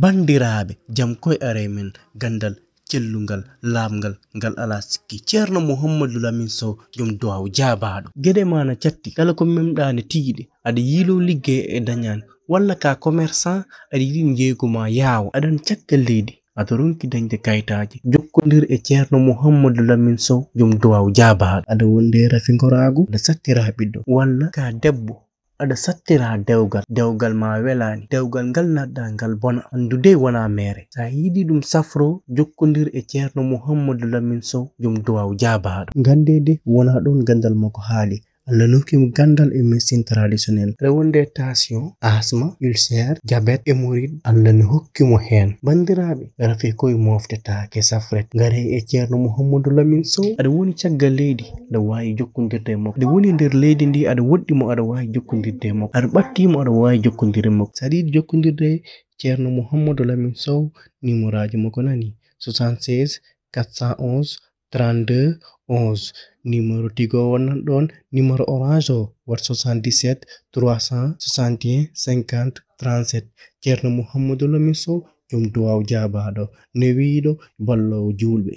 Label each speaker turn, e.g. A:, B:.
A: bandiraɓe jam koye are men gandal cellungal laamgal ngal ala sikki ceerno mouhammadou lamin sow joom duwaw jaabaɗo gueɗe mana catti kala ko memɗani tiiɗe aɗa yiilo liggey e dañani walla ka commerçant aɗa yiɗi jeygu ma yaawa aɗan cakka leydi aɗa ronki dañde kayitaji jokkodir e ceerno mouhammadou lamin sow joom duwaw jaabaɗo aɗa wonde rafigorago aɗa sattira ɓiɗɗo walla ka debbo aɗa sattira dewgal dewgal ma welani dewgal ngal nadɗa ngal bona andu dey wona mere sa yiɗi ɗum safro jokkodir e ceerno mouhammadou lamin sow jom duwaw jabaɗo gandede wona ɗon gandal makko haali Le leucémie gandal et médecine traditionnelle rewonde tension asma ulcère diabète hémorroïde andani hokkimo hen bandiraɓe rafi koye moftetake safret gare e ceerno mouhamadou lamin sow aɗa woni caggal leydi aɗa wawi jokkodirde e makko aɗa woni nder leydi ndi aɗa woɗɗimo aɗa wawi jokkodirde e makko aɗa ɓattimo aɗa wawi jokkodirde e makko sa aɗa yiɗi jokkodirde ceerno mouhamadou lamin sow numéro aji makko nani 76 411 32 11 numéro tigo wonnan ɗon numéro orange o wat 77 361 50 37 ceerno mouhamadou lamin sow jom duwaw jaabaɗo ne wiɗo ballowo julɓe